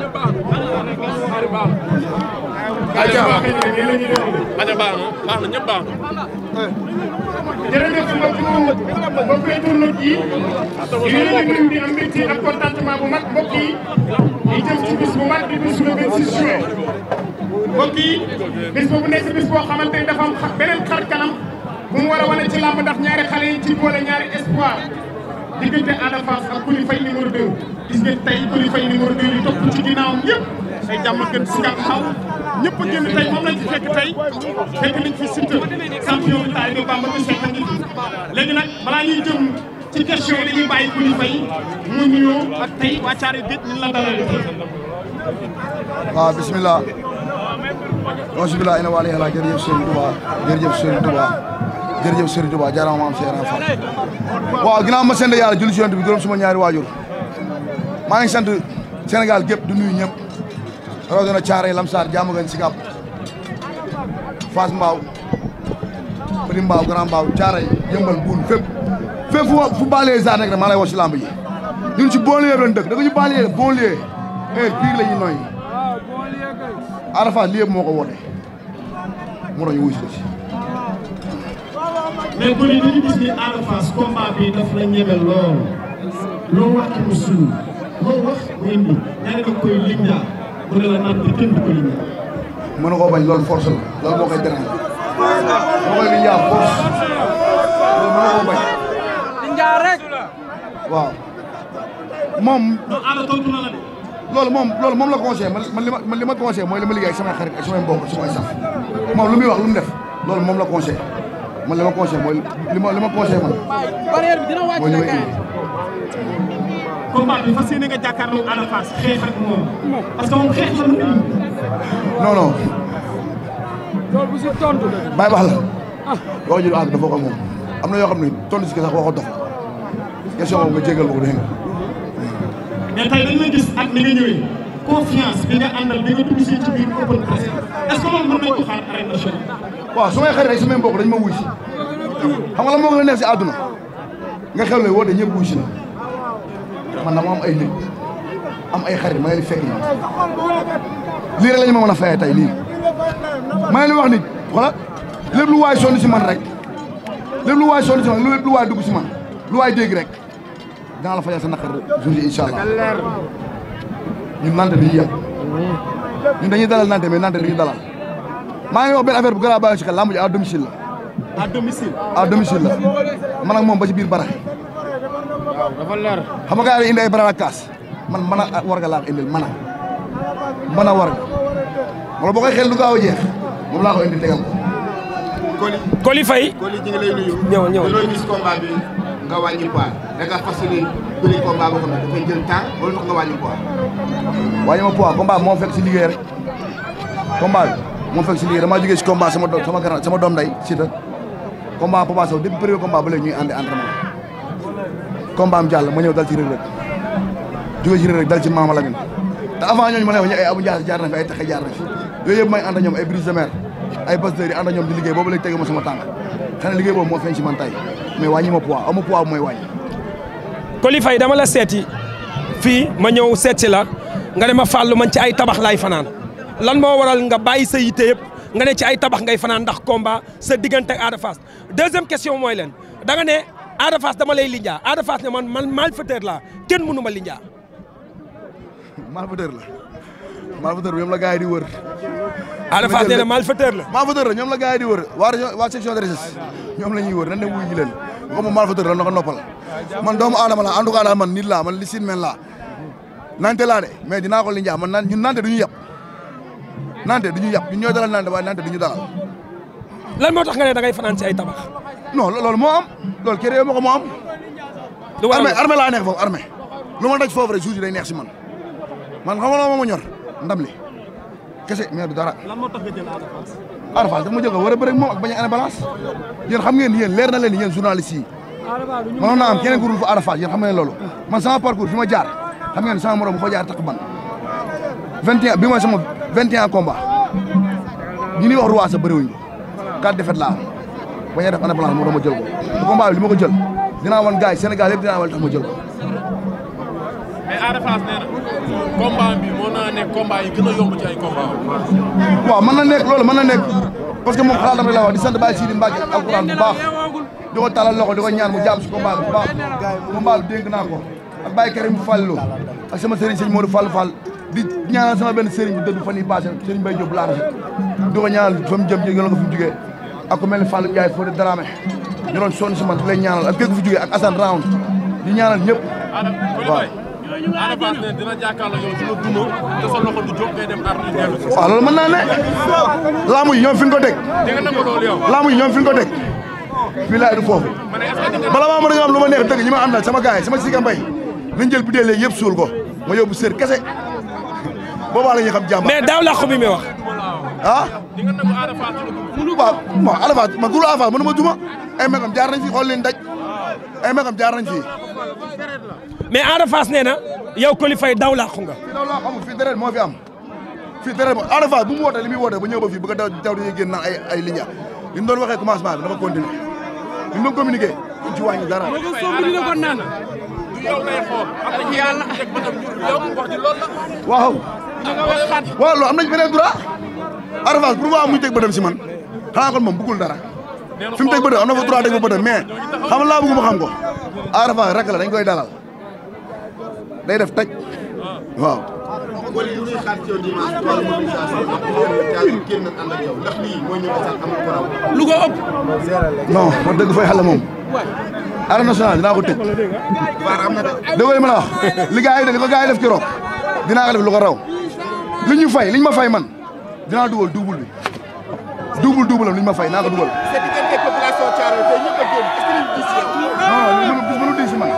ayca ayca baax na baax na ñëpp baax na. jërëjëf mbokk mbokk yi tourné yi ñu ngi nuyu di am mbégte ak contentement bu mag mbokk yi ci bis mag di bis le 26 juin. mbokk yi bis boobu nekk bis boo xamante ni dafa am beneen xar kanam bu mu ci làmb ndax ñaari xale ci boole ñaari espoir. diggante Ada Fass ak Coly Faye numéro 2 gis ngeen tey Coly Faye numéro 2 yi topp ci ginnaawam yëpp ay jàmm gën si nga xaw ñëpp a génn tey moom lañ fi fekk tey fekk nañ fi Siteu champion bi taay bi Bamba bi fekk nañ fi léegi nag balaa ñuy jëm ci question yi dañuy bàyyi Coly Faye mu nuyoo ak tey waa Thiaré Géej ñu la dalal waaw bisimilah. waaw bisimilah ina waale yàlla jërëjëf sëñ Touba jërëjëf sëñ Touba jërëjëf Serigne Touba jaaraama maam Cheikh Fall waaw ginnaaw ma sant yàlla julli ci yonent bi gërëm suma ñaari waajur maa ngi sant Sénégal gépp du nuyu ñëpp rawatina Thiaroye Lamsar Diamaguène Sicap Fass Mbao Petit Mbao Grand Mbao Thiaroye Yeumbeul Boune fépp fépp fu fu banlieue sax rek maa lay ci lamb yi ñun ci bon lieu lañ dëkk ñu banlieue banlieue heure eh, bii la ñu noyyi Arafat lii yëpp moo ko woote moo tax wuyu si mais bu ni dañu gis ni Ada Fass combat ñeme lool loo wax ci mu suñu loo wax mu indi ñaari da koy lindaa ne la naan bi kenn du ko mën na koo bañ loolu force la loolu moo koy dérangé moo loolu mën na koo bañ. waaw moom. la de. loolu moom loolu moom la li ma man li ma conseillé mooy li ma liggéey ak samay xarit ak samay mbokk moom lu muy wax lu mu def loolu moom la conseillé. man li ma conseillé mooy li ma li ma conseillé man. barrière bi dina wàcc la gars yi. combat bi fas yéene nga jàkkaarloo Ada Fass xeex ak moom. parce que moom wax la. wax ji lu ànd dafa ko moom am na yoo xam ne tontu si sax waxoo dox question boobu ma ko dégg nga. mais tey dañu la gis ak ni nga confiance bi nga àndal bi nga dugg si ko xaar arène waaw su may su may mbokk dañ ma wuy si xam nga la moo gën a neex si àdduna nga xew la woote ñëpp wuy si la man dama am ay nit am ay xarit ma leen fekk ñu lii ñu ma mën a fayee tey lii ma leen wax nit voilà lépp lu waay sonn si man rek lépp lu waay sonn si man lépp lu waay dugg si man lu waay dégg rek dinaa la sa naqar jour yi incha allah ñun Nantes dañuy yem ñun dañuy dalal Nantes mais Nantes dañuy dalal maa ngi wax benn affaire bu a bàyyi ci xel lamb ji à domicile la. à domicile. à domicile la man ak moom ba ci biir barax. waaw dafa kaas man man a war nga laa indil man a man a xel du jeex moom laa ko indi tegal ko. nga wàññi poids a nga fas yéene bëri combat boo xam ne dafay jël nga wàññi poids. wàññi ma poids combat moo fekk si liggéey rek combat bi moo fekk si liggéey damaa si combat sama doom sama grand sama doom day Siteu combat Papa Sow depuis premier combat ba ñuy ànd entraînement combat am jàll ma ñëw dal ci Reug Reug jóge ci Reug Reug dal ci te avant ñooñu ma ne wax ay Abou Ndiaye jaar na fi ay Taxe jaar na fi yooyu may ànd ñoom ay brise de mer ay Pasteur yi ànd ak ñoom di liggéey boobu léegi tege ma sama tànk xanaa liggéey boobu moo feeñ ci man mais wàññi ma poids amu poids mooy wàññi. Coly Faye dama la seeti fii ma ñëw seet la nga ne ma fàllu man ci ay tabax laay fanaan lan moo waral nga bàyyi sa yite yëpp nga ne ci ay tabax ngay fanaan ndax combat sa diggante ak Ada Fass deuxième mooy leen da ne Ada dama lay linjaa Ada Fass ne man man malfaiteur laa kenn mënu ma linjaa. malfaiteur la malfaiteur bi ñoom la gars yi di wër. Ada Fass la. malfaiteur la ñoom la gars yi di wër waa section de ñoom la ñuy wër nan ne wuyu ji xam nga malfaiteur la na ko noppal man doomu aadama laa en tout cas daal man nit laa man li sin men laa nante laa de mais dinaa ko li njaa man naan ñun nante du ñu yàpp nante du ñu yàpp du ñooy dalal nante waaye nante du ñu dalal lan moo tax nga ne da ngay fanaan ci ay tabax non loolu moo am loolu kër yow ma ko moo am armée laa neex foofu armée lu ma daj foofu rek jour yi day neex si man man xam nga loo ma ñor ndam li kese mais du dara lan moo tax nga Ada Fass dama jóg war a bëri moom ak bañ a balance yéen xam ngeen yéen leer na leen yéen journaliste yi mënoon naa am keneen ku dul fa Ada Fass yéen xam ngeen loolu man sama parcours fi ma jaar xam ngeen sama morom bu fa jaar tax man 21 bi mooy sama 21 combat ñu ni wax roi sa bëriwuñ a def ma jël ko te li ma ko jël dinaa wan gars yi Sénégal yëpp dinaa wan tax jël ko mais Ada Fass nee na combat moo naa ne combat yi gën a yomb ci ay waaw mën na nekk loolu mën na nekk parce que moom xalaatam rek la wax di sant Baye Sidi Mbacke alxuraan bu di ko talal loxo di ko ñaan mu jàpp si combat bu baax combat bi dénk naa ko ak Baye Karim Fallo ak sama sëriñ sëñ Modou Fall Fall di ñaanal sama benn sëriñ bu dëdd fan yi passé sëriñ Baye Diop laata di ko ñaanal fa mu jëm jë yola ko fi mu jugee ak ku mel ni si man di leen a ñëpp a Fass ne dina jàkkaarloo yow dina duma te sa loxo du jóg ngay dem loolu mën naa laamu yi ñoom fi ko teg laamu yi ñoom fi ko teg fii laay du foofu bala maa mën a nga am lu ma neex dëgg ñi ma am na sama gars yi sama Sika Mbaye nañ jël bi dee suul ko ma yóbbu sër kese boobaa la ñuy xam jàmm mais daaw làqu bi mi wax ah ma Ada Fass ma gulu Ada Fass mënu ma duma ay magam jaar nañ fi xool leen ay magam jaar nañ fii. mais Ada Fass nee na yow Coly Faye daw làqu nga. fii daw làqu amul fii deret moo fi am fii deret moo bu mu wootee li muy wootee ba ñëw fii bëgg a daw daw dañuy génn naan ay ay liggéey li mu doon waxee commencement bi dafa continuer li mu ko somb dina ko naan. na ci yàlla. yow wax ji waaw. waaw am nañ beneen droit. Ada Fass pour mu am muy teg bëtam si man xanaa kon moom bëggul dara. fi mu teg bëtam am na fa trois teg fa bëtam xam nga laa bëgg ma xam ko Ada Fass la dañ koy dalal day def taj ah. waaw. lu ko ëpp. non wax dëgg fay xale moom. Arène Nationale dinaa ko tëj. dëgg yi ma la de li def keroog dinaa ko def lu ko fay li ma fay man dinaa dugal double bi. double double am li ñu ma fay naa ko dugal. sa diggante population Thiaroye tey ñëpp a génn est-ce que ñu gis man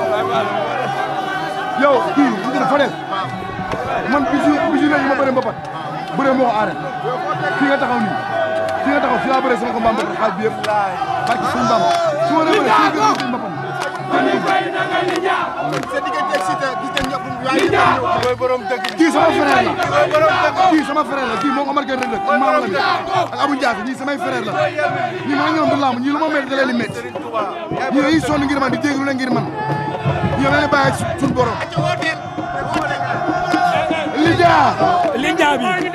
yow kii bu gën a man bi su bi su ne ñu ma bëree mbapat bëree moo ko aaree nga taxaw nii fii nga taxaw fii laa bëree sama ko mbaam xaaj bi yëpp barki suñu mbaam su ma Coly Faye na nga li jaa. sa diggante ak Siteu gis nañ ñëpp sama frère la mooy moo ko marqué rek rek maa la ak Abou Ndiaye ñii samay frère la ñii maa ñoom du lamb ñii lu ma di métti ñii dañuy sonn ngir man di dégg ngir man ñii dañuy bàyyi suñu borom. Li jaa. Li jaa bi. waaye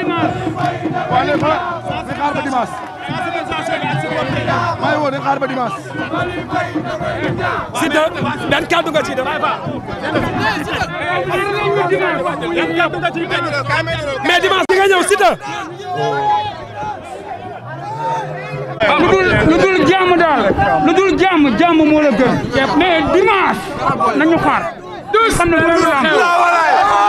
ma xaar maa ngi woo di lu dul lu daal lu dul jàmm jàmm moo la gën. mais dimanche nañu xaar. xam ne loolu la